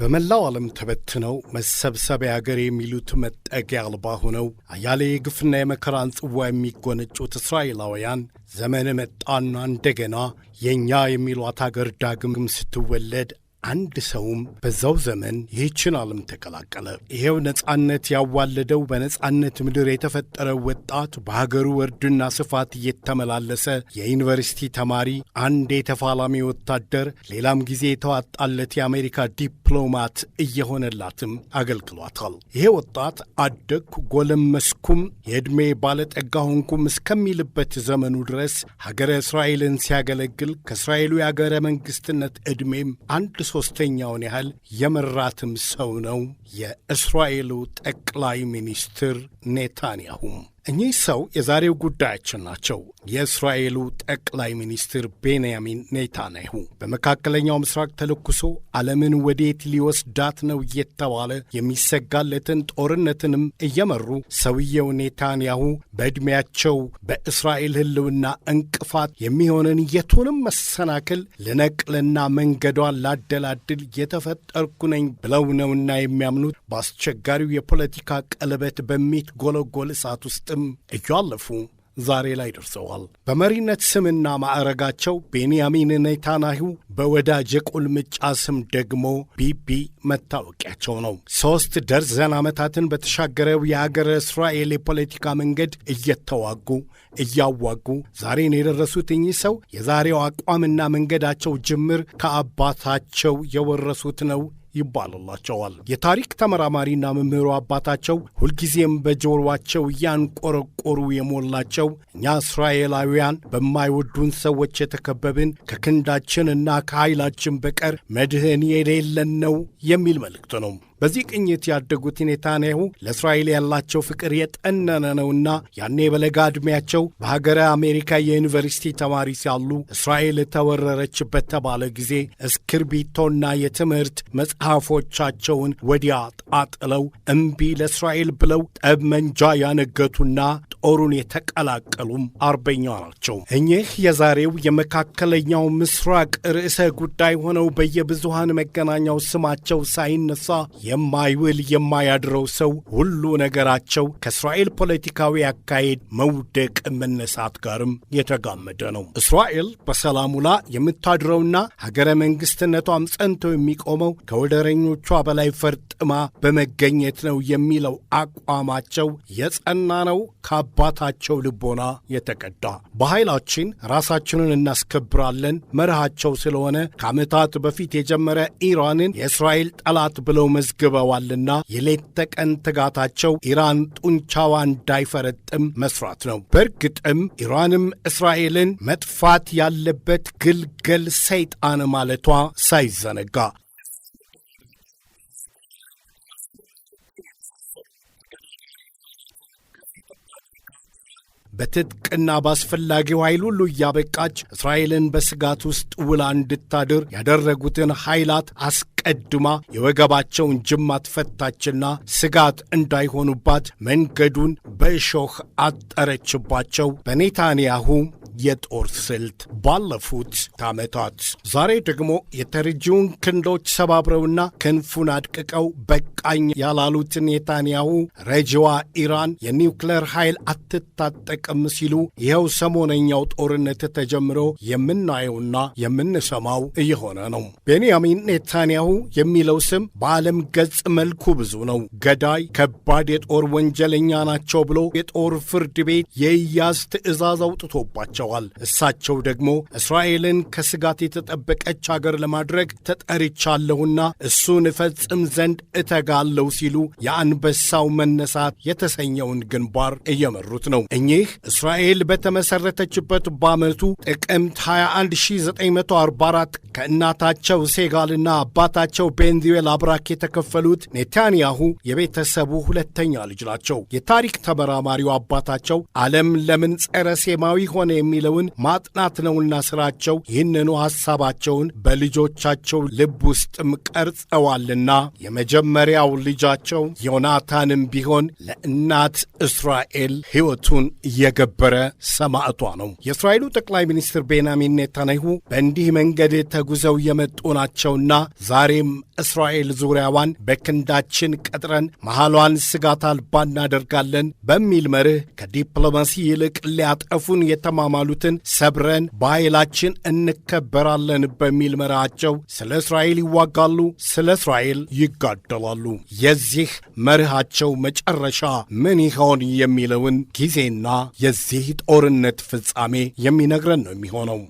በመላው ዓለም ተበትነው መሰብሰቢያ ሀገር የሚሉት መጠጊያ አልባ ሆነው አያሌ የግፍና የመከራን ጽዋ የሚጎነጩት እስራኤላውያን ዘመን መጣና እንደገና የእኛ የሚሏት አገር ዳግም ስትወለድ አንድ ሰውም በዛው ዘመን ይህችን ዓለም ተቀላቀለ። ይኸው ነጻነት ያዋለደው በነጻነት ምድር የተፈጠረው ወጣት በሀገሩ ወርድና ስፋት እየተመላለሰ የዩኒቨርሲቲ ተማሪ፣ አንድ የተፋላሚ ወታደር፣ ሌላም ጊዜ የተዋጣለት የአሜሪካ ዲፕሎማት እየሆነላትም አገልግሏታል። ይሄ ወጣት አደግኩ፣ ጎለመስኩም፣ የዕድሜ ባለጠጋ ሆንኩም እስከሚልበት ዘመኑ ድረስ ሀገረ እስራኤልን ሲያገለግል ከእስራኤሉ የአገረ መንግሥትነት ዕድሜም አንድ ሦስተኛውን ያህል የመራትም ሰው ነው የእስራኤሉ ጠቅላይ ሚኒስትር ኔታንያሁም። እኚህ ሰው የዛሬው ጉዳያችን ናቸው። የእስራኤሉ ጠቅላይ ሚኒስትር ቤንያሚን ኔታንያሁ በመካከለኛው ምስራቅ ተለኩሶ ዓለምን ወዴት ሊወስዳት ነው እየተባለ የሚሰጋለትን ጦርነትንም እየመሩ ሰውየው ኔታንያሁ በዕድሜያቸው በእስራኤል ሕልውና እንቅፋት የሚሆንን የቱንም መሰናክል ልነቅልና መንገዷን ላደላድል የተፈጠርኩ ነኝ ብለው ነውና የሚያምኑት በአስቸጋሪው የፖለቲካ ቀለበት በሚትጎለጎል እሳት ውስጥ ውስጥም አለፉ ዛሬ ላይ ደርሰዋል። በመሪነት ስምና ማዕረጋቸው ቤንያሚን ኔታናሁ በወዳጅ የቁልምጫ ስም ደግሞ ቢቢ መታወቂያቸው ነው። ሦስት ደርዘን ዓመታትን በተሻገረው የአገረ እስራኤል የፖለቲካ መንገድ እየተዋጉ እያዋጉ ዛሬን የደረሱት እኚህ ሰው የዛሬው አቋምና መንገዳቸው ጅምር ከአባታቸው የወረሱት ነው ይባልላቸዋል። የታሪክ ተመራማሪና መምህሩ አባታቸው ሁልጊዜም በጆሮአቸው እያንቆረቆሩ የሞላቸው እኛ እስራኤላውያን በማይወዱን ሰዎች የተከበብን ከክንዳችን እና ከኃይላችን በቀር መድህን የሌለን ነው የሚል መልእክት ነው። በዚህ ቅኝት ያደጉት ኔታንያሁ ለእስራኤል ያላቸው ፍቅር የጠነነ ነውና ያኔ በለጋ ዕድሜያቸው በሀገረ አሜሪካ የዩኒቨርሲቲ ተማሪ ሲያሉ እስራኤል ተወረረችበት ተባለ ጊዜ እስክርቢቶና የትምህርት መጽሐፎቻቸውን ወዲያ ጣጥለው እምቢ ለእስራኤል ብለው ጠመንጃ ያነገቱና ጦሩን የተቀላቀሉም አርበኛ ናቸው። እኚህ የዛሬው የመካከለኛው ምስራቅ ርዕሰ ጉዳይ ሆነው በየብዙሃን መገናኛው ስማቸው ሳይነሳ የማይውል የማያድረው ሰው ሁሉ ነገራቸው ከእስራኤል ፖለቲካዊ አካሄድ መውደቅ መነሳት ጋርም የተጋመደ ነው። እስራኤል በሰላሙ ላ የምታድረውና ሀገረ መንግስትነቷም ጸንቶ የሚቆመው ከወደረኞቿ በላይ ፈርጥማ በመገኘት ነው የሚለው አቋማቸው የጸና ነው። ከአባታቸው ልቦና የተቀዳ በኃይላችን ራሳችንን እናስከብራለን መርሃቸው ስለሆነ ከዓመታት በፊት የጀመረ ኢራንን የእስራኤል ጠላት ብለው መዝ መዝግበዋልና የሌት ተቀን ትጋታቸው ኢራን ጡንቻዋ እንዳይፈረጥም መስራት ነው። በእርግጥም ኢራንም እስራኤልን መጥፋት ያለበት ግልገል ሰይጣን ማለቷ ሳይዘነጋ በትጥቅና በአስፈላጊው ኃይል ሁሉ እያበቃች እስራኤልን በስጋት ውስጥ ውላ እንድታድር ያደረጉትን ኃይላት አስቀድማ የወገባቸውን ጅማት ፈታችና ስጋት እንዳይሆኑባት መንገዱን በእሾህ አጠረችባቸው። በኔታንያሁ የጦር ስልት ባለፉት ዓመታት ዛሬ ደግሞ የተረጂውን ክንዶች ሰባብረውና ክንፉን አድቅቀው በቃኝ ያላሉት ኔታንያሁ ረጂዋ ኢራን የኒውክሌር ኃይል አትታጠቅም ሲሉ ይኸው ሰሞነኛው ጦርነት ተጀምሮ የምናየውና የምንሰማው እየሆነ ነው። ቤንያሚን ኔታንያሁ የሚለው ስም በዓለም ገጽ መልኩ ብዙ ነው። ገዳይ፣ ከባድ የጦር ወንጀለኛ ናቸው ብሎ የጦር ፍርድ ቤት የእያዝ ትዕዛዝ አውጥቶባቸው ተናግረዋል። እሳቸው ደግሞ እስራኤልን ከስጋት የተጠበቀች አገር ለማድረግ ተጠርቻለሁና እሱን እፈጽም ዘንድ እተጋለሁ ሲሉ የአንበሳው መነሳት የተሰኘውን ግንባር እየመሩት ነው። እኚህ እስራኤል በተመሠረተችበት በዓመቱ ጥቅምት 21944 ከእናታቸው ሴጋልና አባታቸው ቤንዚዌል አብራክ የተከፈሉት ኔታንያሁ የቤተሰቡ ሁለተኛ ልጅ ናቸው። የታሪክ ተመራማሪው አባታቸው ዓለም ለምን ጸረ ሴማዊ ሆነ የሚ የሚለውን ማጥናት ነውና ስራቸው ይህንኑ ሐሳባቸውን በልጆቻቸው ልብ ውስጥም ቀርጸዋልና የመጀመሪያው ልጃቸው ዮናታንም ቢሆን ለእናት እስራኤል ሕይወቱን የገበረ ሰማዕቷ ነው። የእስራኤሉ ጠቅላይ ሚኒስትር ቤንያሚን ኔታንያሁ በእንዲህ መንገድ ተጉዘው የመጡ ናቸውና ዛሬም እስራኤል ዙሪያዋን በክንዳችን ቀጥረን መሃሏን ስጋት አልባ እናደርጋለን በሚል መርህ ከዲፕሎማሲ ይልቅ ሊያጠፉን የተማማሉ የተባሉትን ሰብረን በኃይላችን እንከበራለን በሚል መርሃቸው ስለ እስራኤል ይዋጋሉ፣ ስለ እስራኤል ይጋደላሉ። የዚህ መርሃቸው መጨረሻ ምን ይሆን የሚለውን ጊዜና የዚህ ጦርነት ፍጻሜ የሚነግረን ነው የሚሆነው።